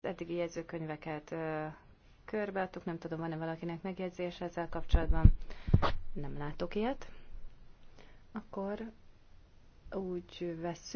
eddigi jegyzőkönyveket körbeadtuk, nem tudom, van-e valakinek megjegyzése ezzel kapcsolatban. Nem látok ilyet. Akkor úgy vesz.